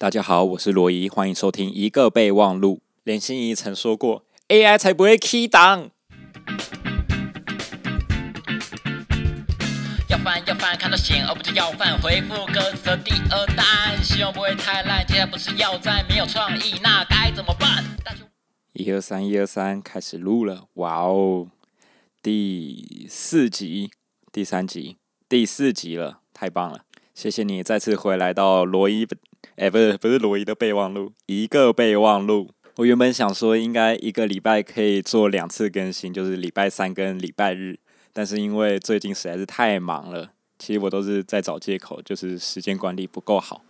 大家好，我是羅伊，歡迎收聽《一個備忘錄》。連心怡曾說過：“AI 才不會 key 檔。”要飯要飯看到鹹，而不是要飯。回復歌詞的第二彈，希望不會太爛。接下來不是要讚，沒有創意那該怎麼辦？一二三，一二三，開始錄了！哇哦，第四集，第三集，第四集了，太棒了！謝謝你再次回來到羅伊。哎、欸，不是，不是羅伊的備忘錄，一個備忘錄。我原本想說，應該一個禮拜可以做兩次更新，就是禮拜三跟禮拜日。但是因為最近實在是太忙了，其實我都是在找借口，就是時間管理不夠好，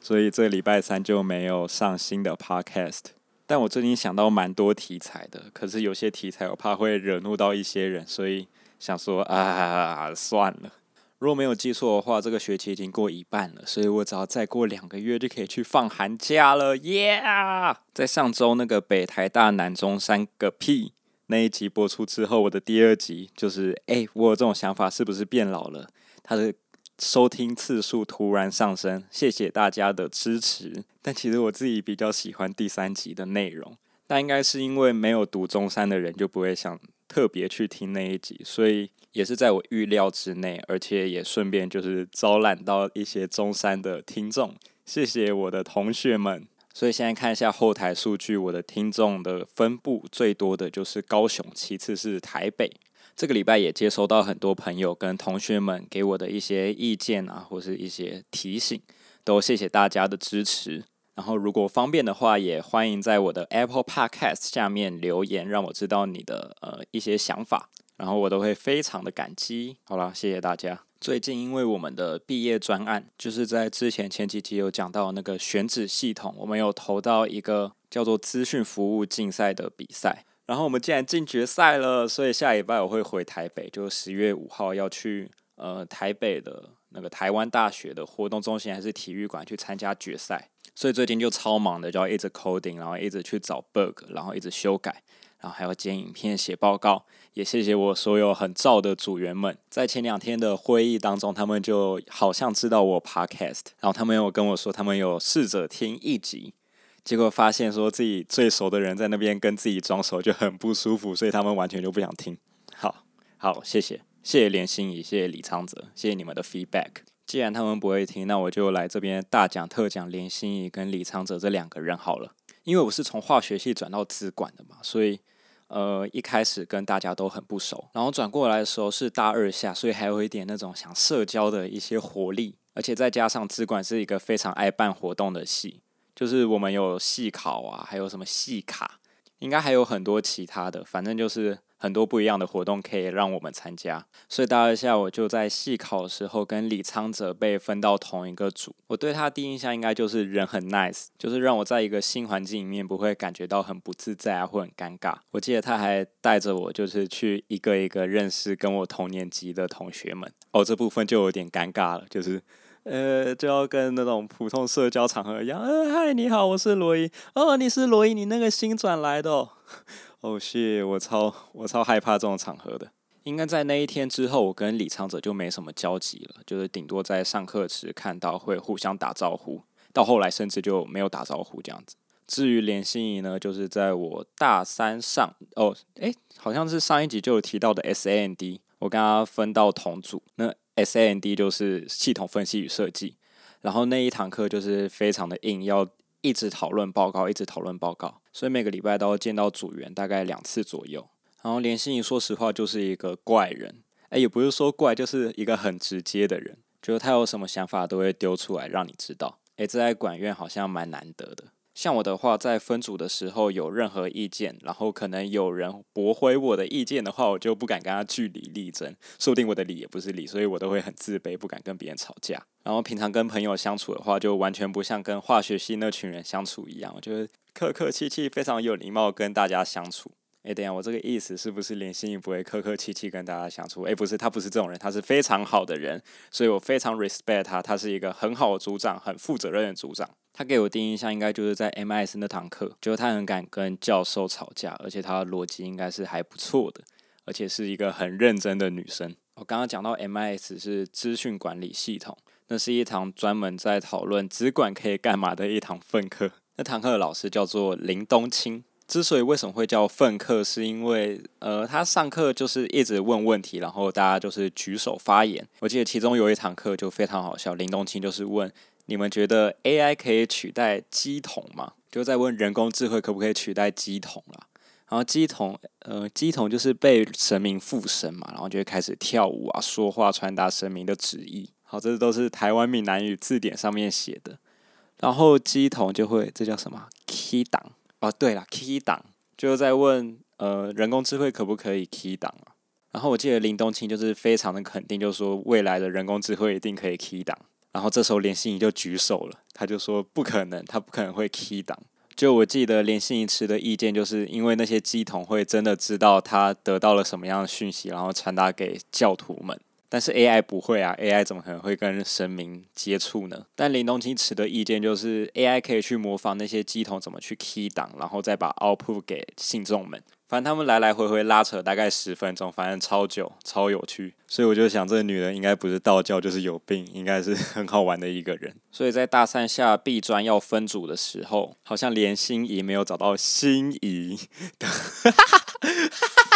所以這禮拜三就沒有上新的 podcast。但我最近想到蠻多題材的，可是有些題材我怕會惹怒到一些人，所以想說啊，算了。如果沒有記錯的話，這個學期已經過一半了，所以我只要再過兩個月就可以去放寒假了！耶、yeah!！在上週那個北台大南中山個屁那一集播出之後，我的第二集就是哎、欸，我有這種想法，是不是變老了？他的收聽次數突然上升，謝謝大家的支持。但其實我自己比較喜歡第三集的內容，但應該是因為沒有讀中山的人就不會想特別去聽那一集，所以。也是在我預料之內，而且也順便就是招攬到一些中山的聽眾，謝謝我的同學們。所以現在看一下後台數據，我的聽眾的分布最多的就是高雄，其次是台北。這個禮拜也接收到很多朋友跟同學們給我的一些意見啊，或是一些提醒，都謝謝大家的支持。然後如果方便的話，也歡迎在我的 Apple Podcast 下面留言，讓我知道你的呃一些想法。然後我都會非常的感激。好啦，謝謝大家。最近因為我們的畢業專案，就是在之前前幾期有講到那個選址系統，我們有投到一個叫做資訊服務競賽的比賽。然後我們竟然進決賽了，所以下禮拜我會回台北，就十月五號要去呃台北的那個台灣大學的活動中心還是體育館去參加決賽。所以最近就超忙的，就要一直 coding，然後一直去找 bug，然後一直修改，然後還要剪影片、寫報告。也謝謝我所有很燥的組員們，在前兩天的會議當中，他們就好像知道我 podcast，然後他們有跟我說，他們有試着聽一集，結果發現說自己最熟的人在那邊跟自己裝熟就很不舒服，所以他們完全就不想聽。好，好，謝謝，謝謝連心怡，謝謝李昌澤，謝謝你們的 feedback。既然他們不會聽，那我就來這邊大講特講，連心怡跟李昌澤這兩個人好了，因為我是從化學系轉到資管的嘛，所以。呃，一開始跟大家都很不熟，然後轉過來的時候是大二下，所以還有一點那種想社交的一些活力，而且再加上資管是一個非常愛辦活動的系，就是我們有系烤啊，還有什麼系卡，應該還有很多其他的，反正就是。很多不一樣的活動可以讓我們參加，所以大一下我就在系考的時候跟李昌澤被分到同一個組。我對他的第一印象應該就是人很 nice，就是讓我在一個新環境裡面不會感覺到很不自在啊或很尷尬。我記得他還帶着我就是去一個一個認識跟我同年級的同學們。哦，這部分就有點尷尬了，就是呃，就要跟那種普通社交場合一樣。呃、欸，嗨，你好，我是羅伊。哦，你是羅伊，你那個新轉來的、哦。哦，謝、oh、我超我超害怕這種場合的。應該在那一天之後，我跟李昌澤就沒什麼交集了，就是頂多在上課時看到會互相打招呼，到後來甚至就沒有打招呼這樣子。至於連心怡呢，就是在我大三上哦，哎、欸，好像是上一集就有提到的 S A N D，我跟他分到同組。那 S A N D 就是系統分析與設計，然後那一堂課就是非常的硬，要一直討論報告，一直討論報告。所以每個禮拜都會見到組員大概兩次左右，然後連心怡說實話就是一個怪人，哎、欸，也不是說怪，就是一個很直接的人，就是他有什麼想法都會丟出來讓你知道，哎、欸，這在管院好像蠻難得的。像我的話，在分組的時候有任何意見，然後可能有人駁回我的意見的話，我就不敢跟他據理力爭，說不定我的理也不是理，所以我都會很自卑，不敢跟別人吵架。然後平常跟朋友相處的話，就完全不像跟化學系那群人相處一樣，我就是客客氣氣，非常有禮貌跟大家相處。哎、欸，等一下，我這個意思是不是連心怡不會客客氣氣跟大家相處？哎、欸，不是，他不是這種人，他是非常好的人，所以我非常 respect 他，他是一個很好的組長，很負責任的組長。他給我第一印象應該就是在 MIS 那堂課，就是他很敢跟教授吵架，而且他的邏輯應該是還不錯的，而且是一個很認真的女生。我剛剛講到 MIS 是資訊管理系統，那是一堂專門在討論資管可以幹嘛的一堂分課。那堂課的老師叫做林東清。之所以為什麼會叫憤課，是因為呃，他上課就是一直問問題，然後大家就是舉手發言。我記得其中有一堂課就非常好笑，林東青就是問，你們覺得 AI 可以取代乩童嗎？就在問人工智慧可不可以取代乩童啊。然後乩童呃，乩童就是被神明附身嘛，然後就會開始跳舞啊，說話傳達神明的旨意。好，這都是台灣閩南語字典上面寫的。然後乩童就會這叫什麼？Key 檔。哦、啊，對了，乩童就在問，呃，人工智慧可不可以乩童啊？然後我記得林東青就是非常的肯定，就說未來的人工智慧一定可以乩童。然後這時候連心怡就舉手了，他就說不可能，他不可能會乩童。就我記得連心怡持的意見，就是因為那些乩童會真的知道他得到了什麼樣的訊息，然後傳達給教徒們。但是 AI 不會啊，AI 怎麼可能會跟神明接觸呢？但林東青持的意見就是 AI 可以去模仿那些乩童怎麼去 key 檔，然後再把 output 給信眾們。反正他們來來回回拉扯大概十分鐘，反正超久超有趣。所以我就想，這個女人應該不是道教，就是有病，應該是很好玩的一個人。所以在大三下畢專要分組的時候，好像連心怡沒有找到心儀的。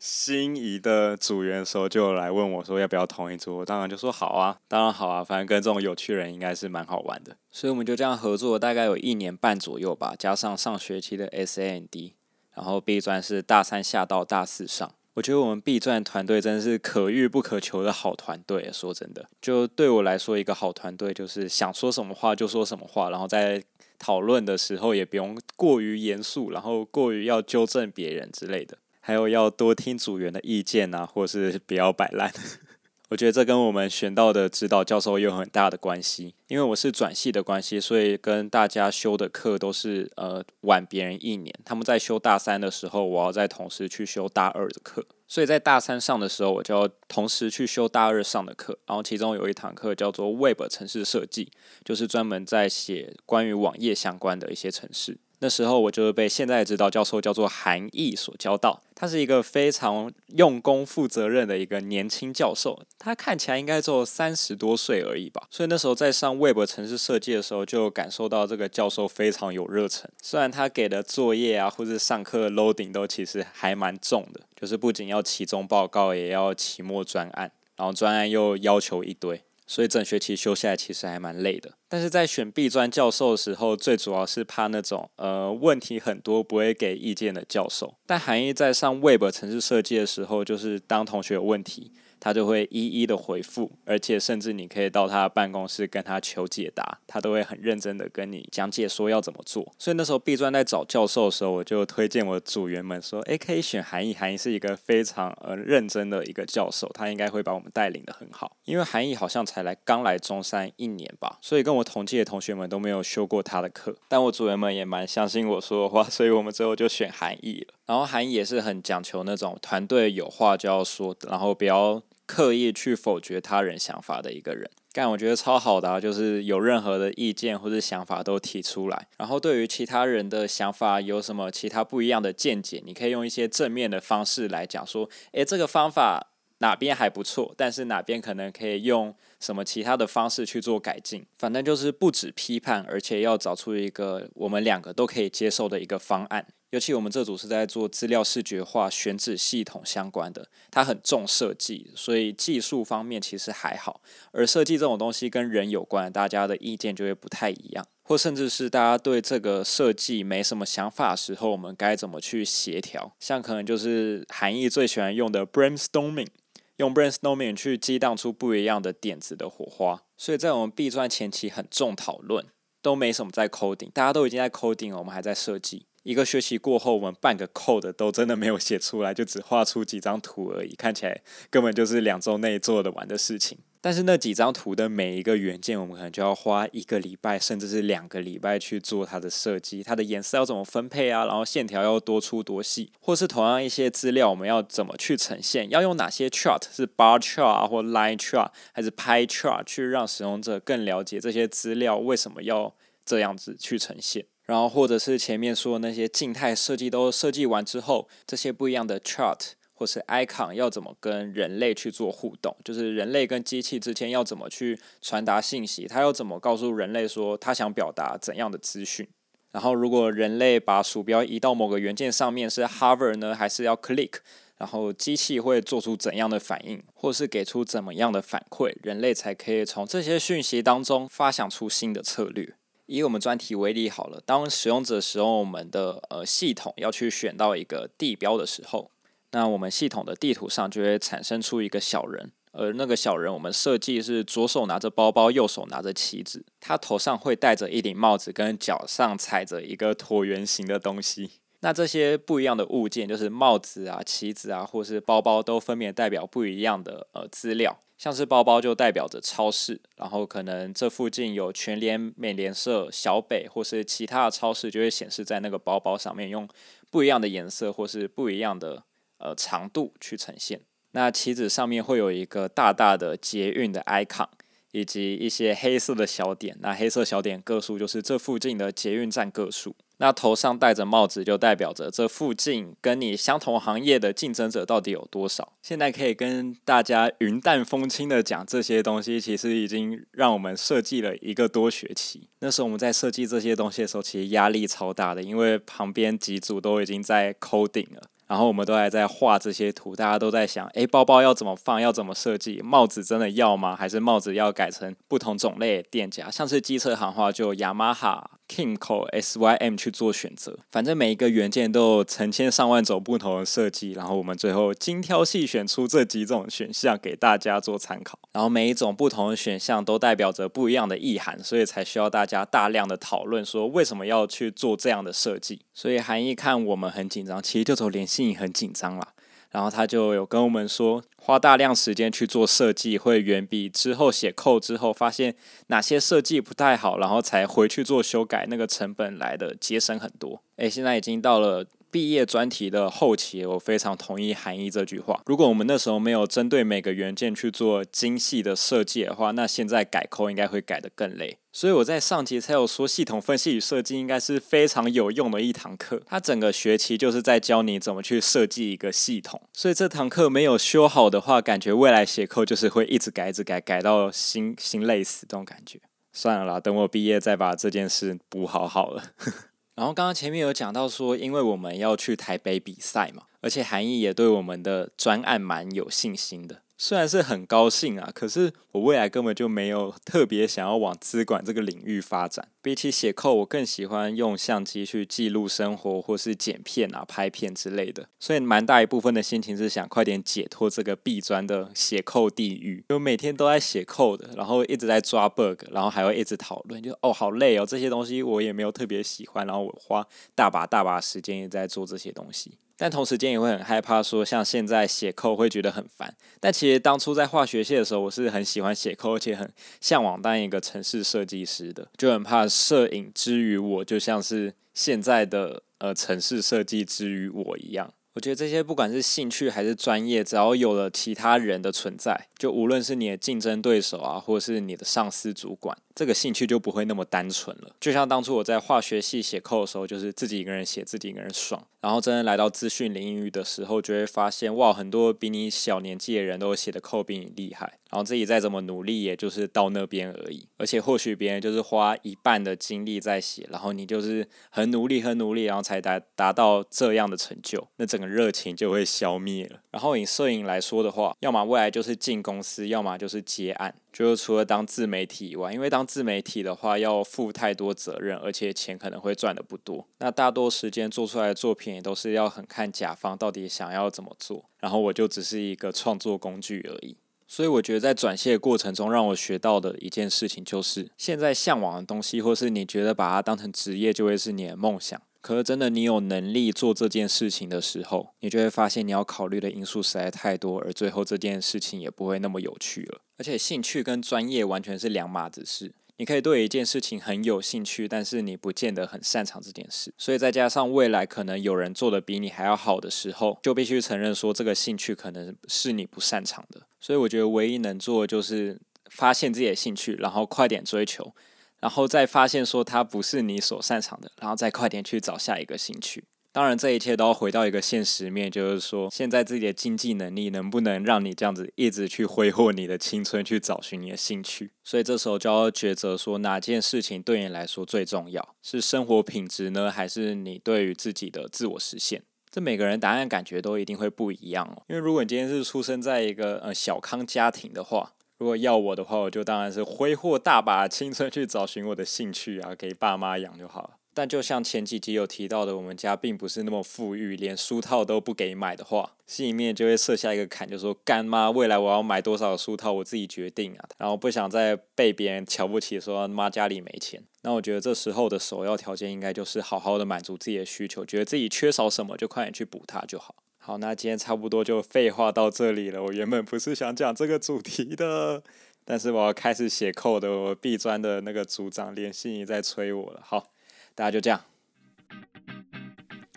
心怡的組員的時候就來問我，說要不要同一組？我當然就說好啊，當然好啊，反正跟這種有趣人應該是蠻好玩的。所以我們就這樣合作，大概有一年半左右吧。加上上學期的 SAND，然後畢專是大三下到大四上。我覺得我們畢專團隊真的是可遇不可求的好團隊，說真的。就對我來說，一個好團隊就是想說什麼話就說什麼話，然後在討論的時候也不用過於嚴肅，然後過於要糾正別人之類的。還有要多聽組員的意見吶、啊，或者是不要擺爛。 我覺得這跟我們選到的指導教授有很大的關係，因為我是轉系的關係，所以跟大家修的課都是呃晚別人一年。他們在修大三的時候，我要在同時去修大二的課，所以在大三上的時候，我就要同時去修大二上的課。然後其中有一堂課叫做 Web 程式設計，就是專門在寫關於網頁相關的一些程式。那時候我就是被現在指導教授，叫做韓毅所教到，他是一個非常用功、負責任的一個年輕教授，他看起來應該只有三十多歲而已吧。所以那時候在上 Web 程式設計的時候，就感受到這個教授非常有熱忱。雖然他給的作業啊，或是上課的 loading 都其實還蠻重的，就是不僅要期中報告，也要期末專案，然後專案又要求一堆。所以整學期修下來其實還蠻累的，但是在選畢專教授的時候，最主要是怕那種呃問題很多不會給意見的教授。但含義在上 Web 程式設計的時候，就是當同學有問題。他就會一一的回復，而且甚至你可以到他的辦公室跟他求解答，他都會很認真的跟你講解說要怎麼做。所以那時候畢專在找教授的時候，我就推薦我的組員們說：“誒、欸，可以選韓毅，韓毅是一個非常呃認真的一個教授，他應該會把我們帶領得很好。因為韓毅好像才來剛來中山一年吧，所以跟我同屆的同學們都沒有修過他的課。但我組員們也蠻相信我說的話，所以我們最後就選韓毅了。然後韓毅也是很講求那種團隊有話就要說，然後不要。”刻意去否決他人想法的一個人，但我覺得超好的啊，就是有任何的意見或者想法都提出來，然後對於其他人的想法有什麼其他不一樣的見解，你可以用一些正面的方式來講說，誒、欸，這個方法哪邊還不錯，但是哪邊可能可以用什麼其他的方式去做改進，反正就是不止批判，而且要找出一個我們兩個都可以接受的一個方案。尤其我們這組是在做資料視覺化選址系統相關的，它很重設計，所以技術方面其實還好。而設計這種東西跟人有關，大家的意見就會不太一樣，或甚至是大家對這個設計沒什麼想法的時候，我們該怎麼去協調？像可能就是韓義最喜歡用的 brainstorming，用 brainstorming 去激盪出不一樣的點子的火花。所以在我們畢專前期很重討論。都沒什麼在 coding，大家都已經在 coding 了，我們還在設計。一個學期過後，我們半個 code 都真的沒有寫出來，就只畫出幾張圖而已，看起來根本就是兩周內做得完的事情。但是那幾張圖的每一個元件，我們可能就要花一個禮拜，甚至是兩個禮拜去做它的設計。它的顏色要怎麼分配啊？然後線條要多粗多細，或是同樣一些資料，我們要怎麼去呈現？要用哪些 chart？是 bar chart、啊、或 line chart，還是拍 chart？去讓使用者更了解這些資料為什麼要這樣子去呈現。然後或者是前面說的那些靜態設計都設計完之後，這些不一樣的 chart。或是 icon 要怎麼跟人類去做互動，就是人類跟機器之間要怎麼去傳達信息，它要怎麼告訴人類說它想表達怎樣的資訊。然後如果人類把鼠標移到某個元件上面是 hover 呢，還是要 click？然後機器會做出怎樣的反應，或是給出怎麼樣的反饋，人類才可以從這些訊息當中發想出新的策略。以我們專題為例好了，當使用者使用我們的呃系統要去選到一個地標的時候。那我們系統的地圖上就會產生出一個小人，而那個小人我們設計是左手拿着包包，右手拿着旗子，他頭上會戴着一頂帽子，跟腳上踩着一個橢圓形的東西。那這些不一樣的物件，就是帽子啊、旗子啊，或是包包，都分別代表不一樣的呃資料，像是包包就代表着超市，然後可能這附近有全聯、美廉社、小北或是其他的超市，就會顯示在那個包包上面，用不一樣的顏色或是不一樣的。呃，長度去呈現。那旗子上面會有一個大大的捷運的 icon，以及一些黑色的小點。那黑色小點個數就是這附近的捷運站個數。那頭上戴着帽子就代表着這附近跟你相同行業的競爭者到底有多少。現在可以跟大家雲淡風輕的講這些東西，其實已經讓我們設計了一個多學期。那時候我們在設計這些東西的時候，其實壓力超大的，因為旁邊幾組都已經在 coding 了。然後我們都還在畫這些圖，大家都在想：哎，包包要怎麼放，要怎麼設計？帽子真的要嗎？還是帽子要改成不同種類的店家？像是機車行的話，就雅馬哈。King Cole SYM 去做選擇，反正每一個元件都有成千上萬種不同的設計，然後我們最後精挑細選出這幾種選項給大家做參考。然後每一種不同的選項都代表着不一樣的意涵，所以才需要大家大量的討論，說為什麼要去做這樣的設計。所以韓義看我們很緊張，其實就舅連心也很緊張啦。然後他就有跟我們說，花大量時間去做設計，會遠比之後寫 code 之後發現哪些設計不太好，然後才回去做修改，那個成本來的節省很多。哎，現在已經到了。畢業專題的後期，我非常同意含義這句話。如果我們那時候沒有針對每個元件去做精細的設計的話，那現在改扣應該會改得更累。所以我在上集才有說，系統分析與設計應該是非常有用的一堂課。它整個學期就是在教你怎麼去設計一個系統。所以這堂課沒有修好的話，感覺未來寫扣就是會一直改，一直改，改到心心累死這種感覺。算了啦，等我畢業再把這件事補好好了。 然後剛剛前面有講到說，因為我們要去台北比賽嘛，而且韓義也對我們的專案蠻有信心的。雖然是很高興啊，可是我未來根本就沒有特別想要往資管這個領域發展。比起寫 code，我更喜歡用相機去記錄生活，或是剪片啊、拍片之類的。所以蠻大一部分的心情是想快點解脫這個畢專的寫 code 地獄，就每天都在寫 code 的，然後一直在抓 bug，然後還會一直討論，就哦好累哦，這些東西我也沒有特別喜歡，然後我花大把大把時間在做這些東西。但同時間也會很害怕，說像現在寫扣會覺得很煩。但其實當初在化學系的時候，我是很喜歡寫扣，而且很向往當一個程式設計師的，就很怕攝影之於我，就像是現在的呃程式設計之於我一樣。我覺得這些不管是興趣還是專業，只要有了其他人的存在，就無論是你的競爭對手啊，或者是你的上司主管，這個興趣就不會那麼單純了。就像當初我在化學系寫扣的時候，就是自己一個人寫，自己一個人爽。然後真的來到資訊領域，的時候，就會發現哇，很多比你小年紀的人都寫的扣比你厲害。然後自己再怎麼努力，也就是到那邊而已。而且或許別人就是花一半的精力在寫，然後你就是很努力、很努力，然後才達達到這樣的成就，那整個熱情就會消滅了。然後以攝影來說的話，要麼未來就是進公司，要麼就是接案。就是除了當自媒體以外，因為當自媒體的話要負太多責任，而且錢可能會賺得不多。那大多時間做出來的作品也都是要很看甲方到底想要怎麼做，然後我就只是一個創作工具而已。所以我覺得在轉寫的過程中，讓我學到的一件事情就是，現在嚮往的東西，或是你覺得把它當成職業，就會是你的夢想。可是真的，你有能力做這件事情的時候，你就會發現你要考慮的因素實在太多，而最後這件事情也不會那麼有趣了。而且興趣跟專業完全是兩碼子事。你可以對一件事情很有興趣，但是你不見得很擅長這件事。所以再加上未來可能有人做得比你還要好的時候，就必須承認說這個興趣可能是你不擅長的。所以我覺得唯一能做的就是發現自己的興趣，然後快點追求。然後再發現說他不是你所擅長的，然後再快點去找下一個興趣。當然，這一切都要回到一個現實面，就是說現在自己的經濟能力能不能讓你這樣子一直去揮霍你的青春，去找尋你的興趣。所以這時候就要抉擇說哪件事情對你來說最重要，是生活品質呢，還是你對於自己的自我實現？這每個人答案感覺都一定會不一樣哦。因為如果你今天是出生在一個呃小康家庭的話。如果要我的話，我就當然是揮霍大把青春去找尋我的興趣啊，給爸媽養就好了。但就像前幾集有提到的，我們家並不是那麼富裕，連書套都不給買的話，心裡面就會設下一個坎，就說幹媽未來我要買多少書套，我自己決定啊。然後不想再被別人瞧不起，說媽家裡沒錢。那我覺得這時候的首要條件應該就是好好的滿足自己的需求，覺得自己缺少什麼就快點去補它就好。好，那今天差不多就廢話到這裡了。我原本不是想講這個主題的，但是我要開始寫 code 的，我畢專的那個組長連心怡，在催我了。好，大家就這樣。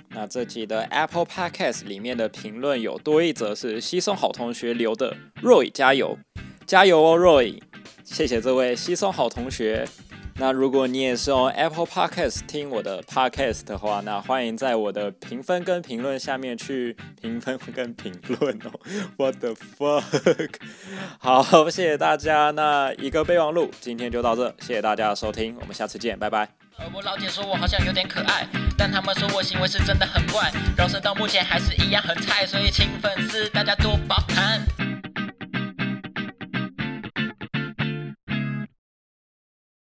那這期的 Apple Podcast 裡面的評論有多一則，是西松好同學留的，Roy 加油，加油哦，Roy，謝謝這位西松好同學。那如果你也是用 Apple Podcast 聽我的 Podcast 的話，那歡迎在我的評分跟評論下面去評分跟評論哦。What the fuck？好，謝謝大家。那一個備忘錄，今天就到這。謝謝大家的收聽，我們下次見，拜拜。我老姐說我好像有點可愛，但他們說我行為是是真的很怪，饒舌到目前還是一樣很菜，所以請粉絲大家多包涵。